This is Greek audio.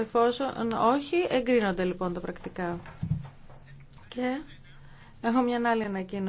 Εφόσον όχι, εγκρίνονται λοιπόν τα πρακτικά. Και έχω μια άλλη ανακοίνωση.